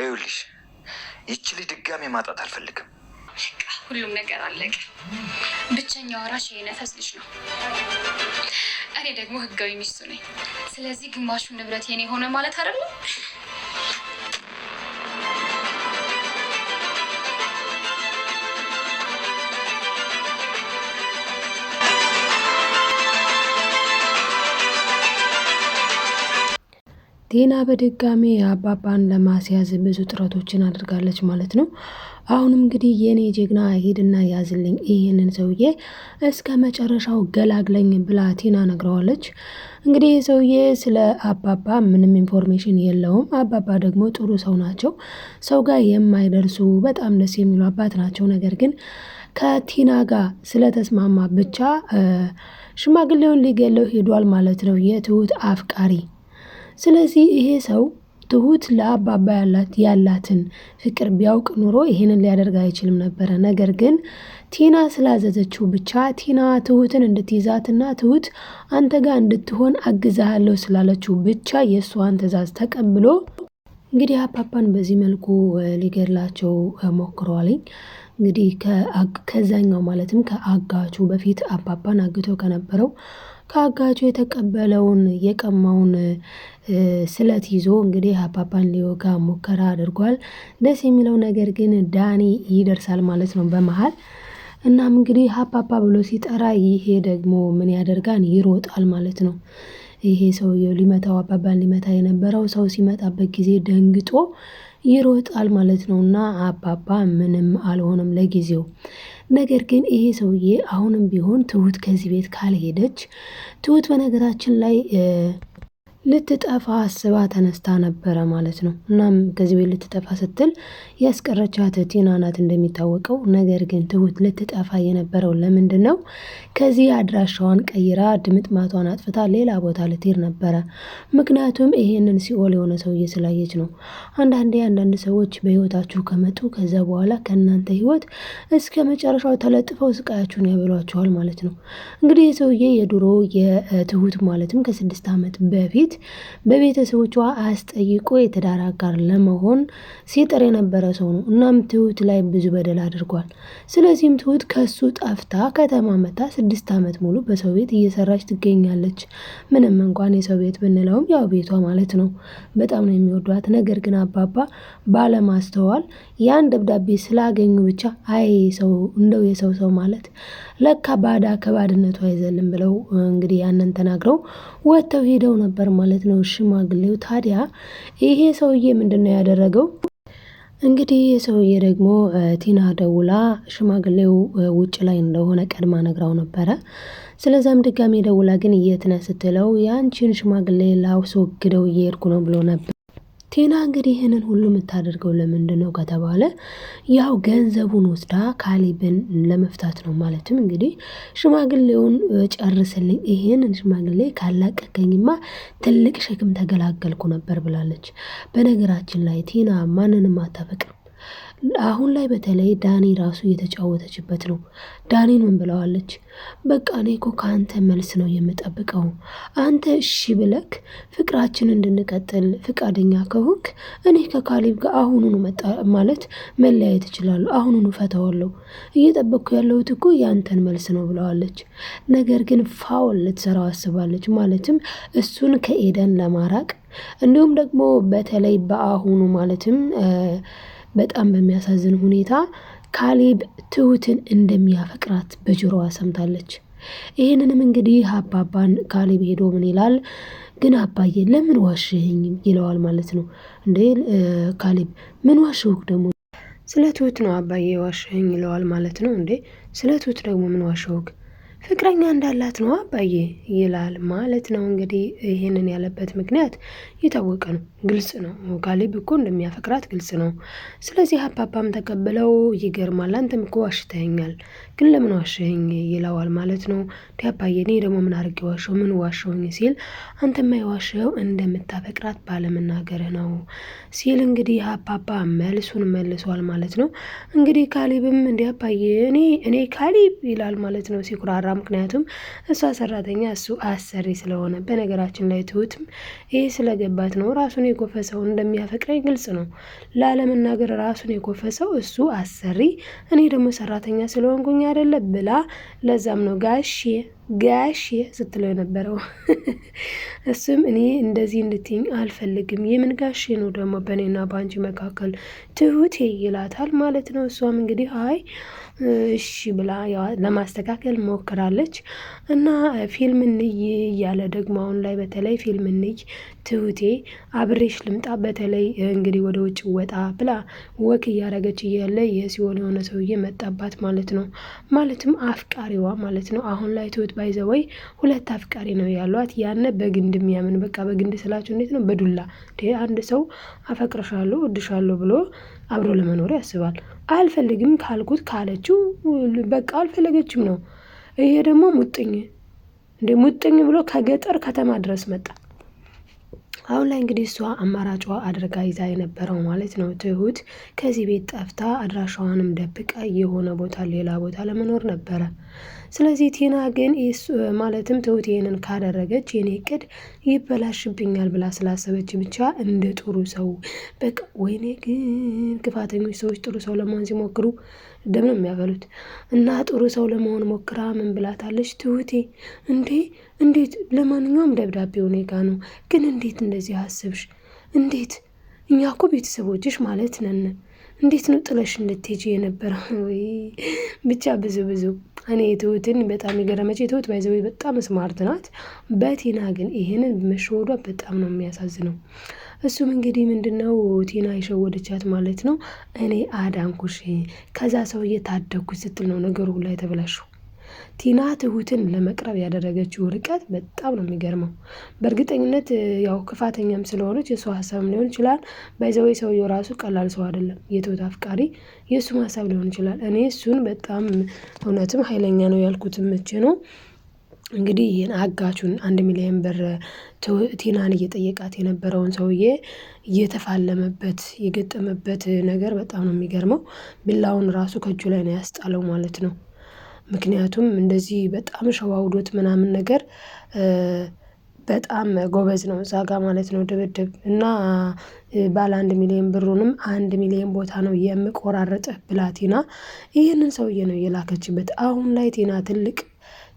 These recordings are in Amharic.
ይኸውልሽ ይቺ ልጅ ድጋሜ ማጣት አልፈልግም። ሁሉም ነገር አለቀ። ብቸኛ ወራሽ የነፈስ ልጅ ነው። እኔ ደግሞ ህጋዊ ሚስቱ ነኝ። ስለዚህ ግማሹ ንብረት የኔ ሆነ ማለት አይደለም። ቴና በድጋሜ አባባን ለማስያዝ ብዙ ጥረቶችን አድርጋለች ማለት ነው። አሁንም እንግዲህ የኔ ጀግና ሂድና ያዝልኝ ይህንን ሰውዬ እስከ መጨረሻው ገላግለኝ ብላ ቲና ነግረዋለች። እንግዲህ ሰውዬ ስለ አባባ ምንም ኢንፎርሜሽን የለውም። አባባ ደግሞ ጥሩ ሰው ናቸው። ሰው ጋር የማይደርሱ በጣም ደስ የሚሉ አባት ናቸው። ነገር ግን ከቲና ጋር ስለተስማማ ብቻ ሽማግሌውን ሊገለው ሄዷል ማለት ነው። የትሁት አፍቃሪ ስለዚህ ይሄ ሰው ትሁት ለአባባ ያላት ያላትን ፍቅር ቢያውቅ ኑሮ ይሄንን ሊያደርግ አይችልም ነበረ። ነገር ግን ቲና ስላዘዘችው ብቻ ቲና ትሁትን እንድትይዛትና ትሁት አንተ ጋር እንድትሆን አግዛሃለሁ ስላለችው ብቻ የእሷን ትዕዛዝ ተቀብሎ እንግዲህ አፓፓን በዚህ መልኩ ሊገድላቸው ሞክረዋልኝ። እንግዲህ ከዛኛው ማለትም ከአጋቹ በፊት አፓፓን አግቶ ከነበረው ከአጋቹ የተቀበለውን የቀማውን ስለት ይዞ እንግዲህ አፓፓን ሊወጋ ሙከራ አድርጓል። ደስ የሚለው ነገር ግን ዳኒ ይደርሳል ማለት ነው በመሃል። እናም እንግዲህ ሀፓፓ ብሎ ሲጠራ ይሄ ደግሞ ምን ያደርጋን ይሮጣል ማለት ነው። ይሄ ሰውየው ሊመታው አባባን ሊመታ የነበረው ሰው ሲመጣበት ጊዜ ደንግጦ ይሮጣል ማለት ነው። እና አባባ ምንም አልሆነም ለጊዜው። ነገር ግን ይሄ ሰውዬ አሁንም ቢሆን ትሁት ከዚህ ቤት ካልሄደች ትሁት በነገራችን ላይ ልትጠፋ አስባ ተነስታ ነበረ ማለት ነው። እናም ከዚህ ቤት ልትጠፋ ስትል ያስቀረቻት ቲና ናት እንደሚታወቀው። ነገር ግን ትሁት ልትጠፋ የነበረው ለምንድን ነው? ከዚህ አድራሻዋን ቀይራ ድምጥማቷን አጥፍታ ሌላ ቦታ ልትሄድ ነበረ። ምክንያቱም ይሄንን ሲኦል የሆነ ሰውዬ ስላየች ነው። አንዳንዴ አንዳንድ ሰዎች በህይወታችሁ ከመጡ ከዛ በኋላ ከእናንተ ህይወት እስከ መጨረሻው ተለጥፈው ስቃያችሁን ያበሏችኋል ማለት ነው። እንግዲህ የሰውዬ የድሮ የትሁት ማለትም ከስድስት ዓመት በፊት በቤተሰቦቿ አያስጠይቁ የትዳር አጋር ለመሆን ሲጥር የነበረ ሰው ነው። እናም ትሁት ላይ ብዙ በደል አድርጓል። ስለዚህም ትሁት ከሱ ጠፍታ ከተማ መታ ስድስት ዓመት ሙሉ በሰው ቤት እየሰራች ትገኛለች። ምንም እንኳን የሰው ቤት ብንለውም ያው ቤቷ ማለት ነው። በጣም ነው የሚወዷት። ነገር ግን አባባ ባለማስተዋል ያን ደብዳቤ ስላገኙ ብቻ አይ ሰው እንደው የሰው ሰው ማለት ለካ ባዳ ከባድነቱ አይዘልም ብለው እንግዲህ ያንን ተናግረው ወጥተው ሄደው ነበር ማለት ነው ሽማግሌው። ታዲያ ይሄ ሰውዬ ምንድን ነው ያደረገው? እንግዲህ ሰውዬ ደግሞ ቲና ደውላ ሽማግሌው ውጭ ላይ እንደሆነ ቀድማ ነግራው ነበረ። ስለዚም ድጋሜ ደውላ ግን የት ነህ ስትለው የአንቺን ሽማግሌ ላስወግደው እየሄድኩ ነው ብሎ ነበር። ቴና እንግዲህ ይህንን ሁሉ የምታደርገው ለምንድን ነው ከተባለ ያው ገንዘቡን ወስዳ ካሊብን ለመፍታት ነው። ማለትም እንግዲህ ሽማግሌውን ጨርስልኝ፣ ይህንን ሽማግሌ ካላቀቀኝማ ትልቅ ሸክም ተገላገልኩ ነበር ብላለች። በነገራችን ላይ ቴና ማንንም አታፈቅር አሁን ላይ በተለይ ዳኒ ራሱ እየተጫወተችበት ነው። ዳኒን ምን ብለዋለች? በቃ እኔ እኮ ከአንተ መልስ ነው የምጠብቀው። አንተ እሺ ብለክ ፍቅራችን እንድንቀጥል ፍቃደኛ ከሆንክ እኔ ከካሊብ ጋር አሁኑኑ መጣ ማለት መለያየት እችላለሁ። አሁኑኑ ፈተዋለሁ። እየጠበቅኩ ያለሁት እኮ የአንተን መልስ ነው ብለዋለች። ነገር ግን ፋውል ልትሰራው አስባለች። ማለትም እሱን ከኤደን ለማራቅ እንዲሁም ደግሞ በተለይ በአሁኑ ማለትም በጣም በሚያሳዝን ሁኔታ ካሌብ ትሁትን እንደሚያፈቅራት በጆሮዋ ሰምታለች። ይህንንም እንግዲህ አባባን ካሌብ ሄዶ ምን ይላል? ግን አባዬ ለምን ዋሽህኝ? ይለዋል ማለት ነው። እንዴ ካሌብ ምን ዋሽሁ ደግሞ? ስለ ትሁት ነው አባዬ ዋሽህኝ ይለዋል ማለት ነው። እንዴ ስለ ትሁት ደግሞ ምን ዋሽሁግ? ፍቅረኛ እንዳላት ነው አባዬ ይላል ማለት ነው። እንግዲህ ይህንን ያለበት ምክንያት የታወቀ ነው፣ ግልጽ ነው። ካሌብ እኮ እንደሚያፈቅራት ግልጽ ነው። ስለዚህ አባባም ተቀብለው ይገርማል፣ አንተም እኮ ዋሽተኛል ግን ለምን ዋሸኝ ይለዋል ማለት ነው። እንዲህ አባዬ እኔ ደግሞ ምን አድርጌ ዋሸው ምን ዋሸውኝ ሲል አንተማ የዋሸው እንደምታፈቅራት ባለመናገር ነው ሲል እንግዲህ አባባ መልሱን መልሷል ማለት ነው። እንግዲህ ካሌብም እንዲህ እኔ እኔ ካሌብ ይላል ማለት ነው ሲኩራራ ምክንያቱም እሷ ሰራተኛ እሱ አሰሪ ስለሆነ። በነገራችን ላይ ትሁትም ይህ ስለገባት ነው። ራሱን የኮፈሰው እንደሚያፈቅረኝ ግልጽ ነው። ላለመናገር ራሱን የኮፈሰው እሱ አሰሪ፣ እኔ ደግሞ ሰራተኛ ስለሆንኩኝ አይደለም ብላ ለዛም ነው ጋሼ ጋሽ ስትለው የነበረው እሱም እኔ እንደዚህ እንድትኝ አልፈልግም። የምን ጋሽ ነው ደግሞ በእኔና በአንቺ መካከል ትሁቴ ይላታል ማለት ነው። እሷም እንግዲህ አይ እሺ ብላ ለማስተካከል ሞክራለች። እና ፊልም እንይ እያለ ደግሞ አሁን ላይ በተለይ ፊልም እንይ ትሁቴ አብሬሽ ልምጣ፣ በተለይ እንግዲህ ወደ ውጭ ወጣ ብላ ወክ እያረገች እያለ የሲሆን የሆነ ሰውዬ መጣባት ማለት ነው። ማለትም አፍቃሪዋ ማለት ነው። አሁን ላይ ትሁት ባይዘወይ ሁለት አፍቃሪ ነው ያሏት። ያነ በግንድ የሚያምን በቃ በግንድ ስላቸው እንዴት ነው በዱላ አንድ ሰው አፈቅርሻለሁ እድሻለሁ ብሎ አብሮ ለመኖር ያስባል። አልፈልግም ካልኩት ካለችው በቃ አልፈለገችም ነው። ይሄ ደግሞ ሙጥኝ እንደ ሙጥኝ ብሎ ከገጠር ከተማ ድረስ መጣ። አሁን ላይ እንግዲህ እሷ አማራጯ አድርጋ ይዛ የነበረው ማለት ነው ትሁት ከዚህ ቤት ጠፍታ አድራሻዋንም ደብቃ የሆነ ቦታ ሌላ ቦታ ለመኖር ነበረ። ስለዚህ ቲና ግን ማለትም ትሁት ይህንን ካደረገች የኔ እቅድ ይበላሽብኛል ብላ ስላሰበች ብቻ እንደ ጥሩ ሰው በቃ ወይኔ ግን ክፋተኞች ሰዎች ጥሩ ሰው ለመሆን ሲሞክሩ ደም ነው የሚያበሉት። እና ጥሩ ሰው ለመሆን ሞክራ ምን ብላታለች ትሁቴ እንዴ እንዴት ለማንኛውም ደብዳቤው እኔ ጋ ነው። ግን እንዴት እንደዚህ አስብሽ? እንዴት እኛ እኮ ቤተሰቦችሽ ማለት ነን። እንዴት ነው ጥለሽ እንድትሄጂ የነበረ? ብቻ ብዙ ብዙ እኔ ትሁትን በጣም የገረመች ትሁት ባይዘ በጣም ስማርት ናት። በቲና ግን ይሄንን መሸወዷ በጣም ነው የሚያሳዝነው። እሱም እንግዲህ ምንድነው ቲና የሸወደቻት ማለት ነው። እኔ አዳንኩሽ ከዛ ሰው ታደግኩሽ ስትል ነው ነገሩ ሁላ የተበላሸው። ቲና ትሁትን ለመቅረብ ያደረገችው ርቀት በጣም ነው የሚገርመው። በእርግጠኝነት ያው ክፋተኛም ስለሆነች የእሱ ሀሳብም ሊሆን ይችላል። ባይዘወይ ሰውየው ራሱ ቀላል ሰው አይደለም። የትሁት አፍቃሪ የእሱም ሀሳብ ሊሆን ይችላል። እኔ እሱን በጣም እውነትም ኃይለኛ ነው ያልኩት መቼ ነው እንግዲህ ይህን አጋቹን አንድ ሚሊዮን ብር ቲናን እየጠየቃት የነበረውን ሰውዬ እየተፋለመበት የገጠመበት ነገር በጣም ነው የሚገርመው። ቢላውን ራሱ ከእጁ ላይ ነው ያስጣለው ማለት ነው። ምክንያቱም እንደዚህ በጣም ሸዋውዶት ምናምን ነገር በጣም ጎበዝ ነው እዛ ጋ ማለት ነው ድብድብ እና ባለ አንድ ሚሊዮን ብሩንም አንድ ሚሊዮን ቦታ ነው የምቆራረጥ ብላ ቲና ይህንን ሰውዬ ነው የላከችበት። አሁን ላይ ቲና ትልቅ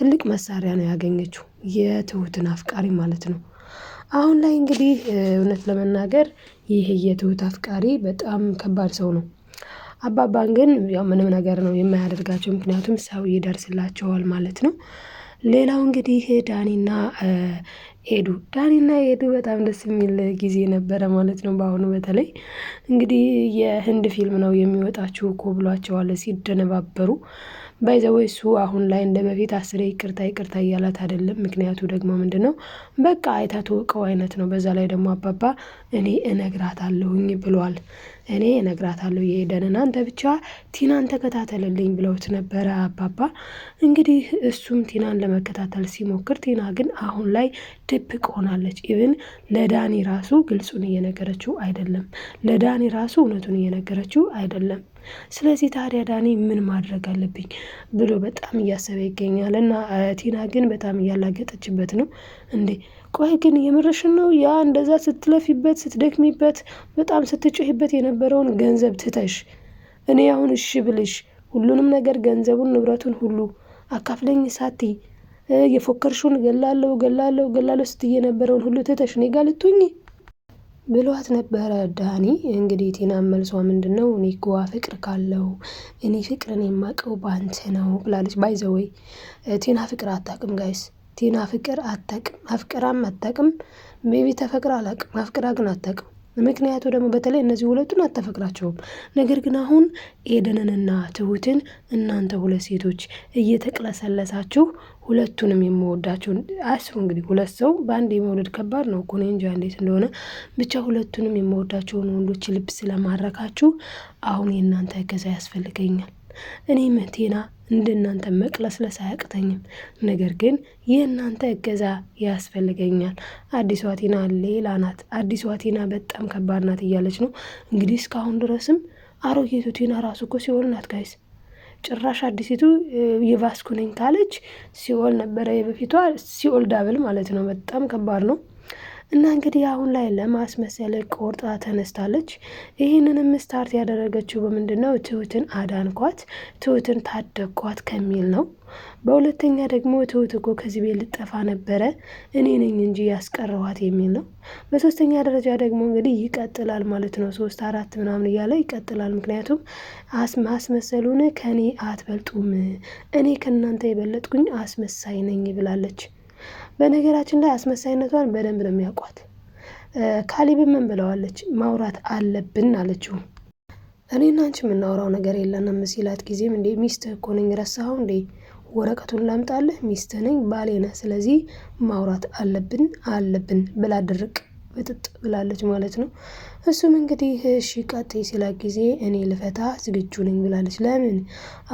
ትልቅ መሳሪያ ነው ያገኘችው የትሁትን አፍቃሪ ማለት ነው። አሁን ላይ እንግዲህ እውነት ለመናገር ይህ የትሁት አፍቃሪ በጣም ከባድ ሰው ነው። አባባን ግን ያው ምንም ነገር ነው የማያደርጋቸው፣ ምክንያቱም ሰው ይደርስላቸዋል ማለት ነው። ሌላው እንግዲህ ዳኒና ኤዱ ዳኒና ኤዱ በጣም ደስ የሚል ጊዜ ነበረ ማለት ነው። በአሁኑ በተለይ እንግዲህ የህንድ ፊልም ነው የሚወጣችው እኮ ብሏቸዋል ሲደነባበሩ ባይዘወይ እሱ አሁን ላይ እንደ በፊት አስሬ ይቅርታ ይቅርታ እያላት አይደለም። ምክንያቱ ደግሞ ምንድን ነው? በቃ አይታ ተወቀው አይነት ነው። በዛ ላይ ደግሞ አባባ እኔ እነግራታለሁኝ ብሏል። እኔ እነግራታለሁ የሄደንን አንተ ብቻ ቲናን ተከታተልልኝ ብለውት ነበረ አባባ። እንግዲህ እሱም ቲናን ለመከታተል ሲሞክር፣ ቲና ግን አሁን ላይ ድብቅ ሆናለች። ኢብን ለዳኒ ራሱ ግልጹን እየነገረችው አይደለም። ለዳኒ ራሱ እውነቱን እየነገረችው አይደለም። ስለዚህ ታዲያ ዳኒ ምን ማድረግ አለብኝ ብሎ በጣም እያሰበ ይገኛል። እና ቲና ግን በጣም እያላገጠችበት ነው። እንዴ ቆይ ግን የምርሽን ነው? ያ እንደዛ ስትለፊበት፣ ስትደክሚበት፣ በጣም ስትጮሂበት የነበረውን ገንዘብ ትተሽ እኔ አሁን እሺ ብልሽ ሁሉንም ነገር ገንዘቡን፣ ንብረቱን ሁሉ አካፍለኝ ሳቲ የፎከርሽውን ገላለሁ ገላለሁ ገላለሁ ስትይ የነበረውን ሁሉ ትተሽ እኔ ጋር ልትሆኚ ብሏት ነበረ ዳኒ። እንግዲህ ቲናም መልሷ ምንድን ነው እኔ ጎዋ ፍቅር ካለው እኔ ፍቅርን የማውቀው በአንተ ነው ብላለች። ባይዘወይ ቲና ፍቅር አታውቅም ጋይስ። ቲና ፍቅር አታውቅም፣ አፍቅራም አታውቅም። ቤቢ ተፈቅራ አላውቅም፣ አፍቅራ ግን አታውቅም። ምክንያቱ ደግሞ በተለይ እነዚህ ሁለቱን አታፈቅራቸውም። ነገር ግን አሁን ኤደንንና ትሁትን እናንተ ሁለት ሴቶች እየተቅለሰለሳችሁ ሁለቱንም የምወዳቸው አስሩ። እንግዲህ ሁለት ሰው በአንድ የመውለድ ከባድ ነው እኮ እኔ እንጃ እንዴት እንደሆነ ብቻ ሁለቱንም የመወዳቸውን ወንዶች ልብ ስለማረካችሁ አሁን የእናንተ እገዛ ያስፈልገኛል። እኔ መቴና እንደናንተ መቅለስለስ አያቅተኝም። ነገር ግን የእናንተ እገዛ ያስፈልገኛል። አዲሷ ቲና ሌላ ናት። አዲሷ ቲና በጣም ከባድ ናት እያለች ነው እንግዲህ እስካሁን ድረስም አሮጌቱ ቲና ራሱ እኮ ሲሆን ናት ጋይስ። ጭራሽ አዲሲቱ የቫስኩ ነኝ ካለች ሲኦል ነበረ የበፊቷ፣ ሲኦል ዳብል ማለት ነው። በጣም ከባድ ነው። እና እንግዲህ አሁን ላይ ለማስመሰል ቆርጣ ተነስታለች። ይህንንም ስታርት ያደረገችው በምንድን ነው? ትሁትን አዳንኳት፣ ትሁትን ታደግኳት ከሚል ነው። በሁለተኛ ደግሞ ትሁት እኮ ከዚህ ቤት ልጠፋ ነበረ እኔ ነኝ እንጂ ያስቀረዋት የሚል ነው። በሶስተኛ ደረጃ ደግሞ እንግዲህ ይቀጥላል ማለት ነው። ሶስት አራት ምናምን እያለ ይቀጥላል። ምክንያቱም አስመሰሉን ከእኔ አትበልጡም፣ እኔ ከእናንተ የበለጥኩኝ አስመሳይ ነኝ ብላለች። በነገራችን ላይ አስመሳይነቷን በደንብ ነው የሚያውቋት። ካሊብ ምን ብለዋለች? ማውራት አለብን አለችው። እኔና አንቺ የምናወራው ነገር የለንም ሲላት ጊዜም እንዴ ሚስትህ እኮ ነኝ ረሳኸው እንዴ? ወረቀቱን ላምጣልህ? ሚስትህ ነኝ፣ ባሌ ነህ። ስለዚህ ማውራት አለብን አለብን ብላ ድርቅ ብጥጥ ብላለች ማለት ነው። እሱም እንግዲህ እሺ ቀጥ ሲላ ጊዜ እኔ ልፈታ ዝግጁ ነኝ ብላለች። ለምን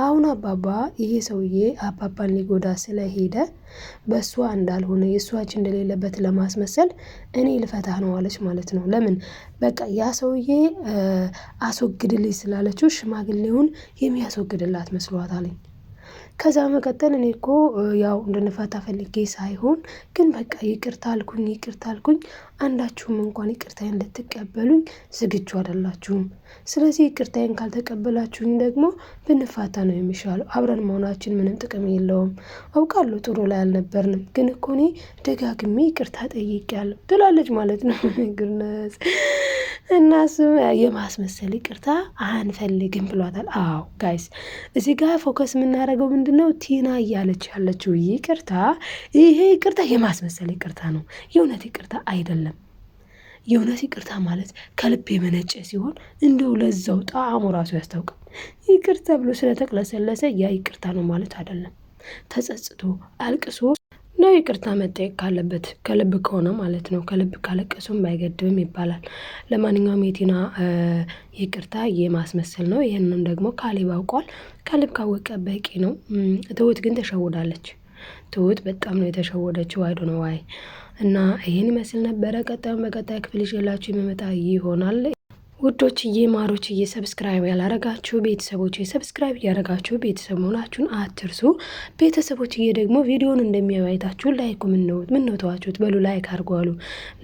አሁን አባባ ይሄ ሰውዬ አባባን ሊጎዳ ስለሄደ በእሷ እንዳልሆነ የእሷች እንደሌለበት ለማስመሰል እኔ ልፈታ ነው አለች ማለት ነው። ለምን በቃ ያ ሰውዬ አስወግድልኝ ስላለችው ሽማግሌውን የሚያስወግድላት መስሏታል። ከዛ መቀጠል እኔ እኮ ያው እንድንፋታ ፈልጌ ሳይሆን ግን በቃ ይቅርታ አልኩኝ ይቅርታ አልኩኝ፣ አንዳችሁም እንኳን ይቅርታዬን እንድትቀበሉኝ ዝግጁ አይደላችሁም። ስለዚህ ይቅርታዬን ካልተቀበላችሁኝ ደግሞ ብንፋታ ነው የሚሻለው። አብረን መሆናችን ምንም ጥቅም የለውም። አውቃለሁ ጥሩ ላይ አልነበርንም፣ ግን እኮ እኔ ደጋግሜ ይቅርታ ጠይቄያለሁ ትላለች ማለት ነው። ግርነት እናስ የማስመሰል ይቅርታ አንፈልግም ብሏታል። አዎ ጋይስ እዚህ ጋር ፎከስ የምናደርገው ምንድን ነው? ቲና እያለች ያለችው ይቅርታ፣ ይሄ ይቅርታ የማስመሰል ይቅርታ ነው፣ የእውነት ይቅርታ አይደለም። የእውነት ይቅርታ ማለት ከልብ የመነጨ ሲሆን እንደው ለዛው ጣዕሙ ራሱ ያስታውቃል። ይቅርታ ብሎ ስለተቅለሰለሰ ያ ይቅርታ ነው ማለት አይደለም። ተጸጽቶ አልቅሶ አንደኛው ይቅርታ መጠየቅ ካለበት ከልብ ከሆነ ማለት ነው። ከልብ ካለቀሱም ባይገድብም ይባላል። ለማንኛውም የቲና ይቅርታ የማስመሰል ነው። ይህንም ደግሞ ካሌብ አውቋል። ከልብ ካወቀ በቂ ነው። ትሁት ግን ተሸውዳለች። ትሁት በጣም ነው የተሸወደችው። አይዶ ነው ዋይ እና ይህን ይመስል ነበረ። ቀጣዩን በቀጣይ ክፍል ይዤላችሁ የሚመጣ ይሆናል። ውዶችዬ ማሮችዬ ሰብስክራይብ ያላረጋችሁ ቤተሰቦች ሰብስክራይብ እያረጋችሁ ቤተሰብ መሆናችሁን አትርሱ። ቤተሰቦችዬ ደግሞ ቪዲዮን እንደሚያባይታችሁ ላይኩ ምንወተዋችሁት በሉ ላይክ አርጉ አሉ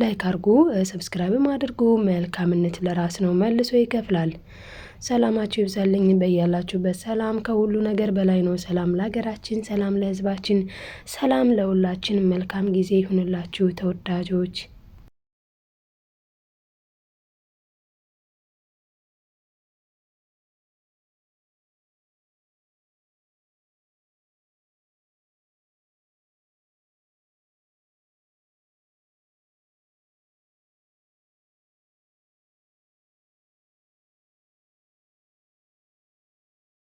ላይክ አርጉ፣ ሰብስክራይብም አድርጉ። መልካምነት ለራስ ነው መልሶ ይከፍላል። ሰላማችሁ ይብዛልኝ በያላችሁበት። ሰላም ከሁሉ ነገር በላይ ነው። ሰላም ለሀገራችን፣ ሰላም ለህዝባችን ሰላም ለሁላችን። መልካም ጊዜ ይሁንላችሁ ተወዳጆች።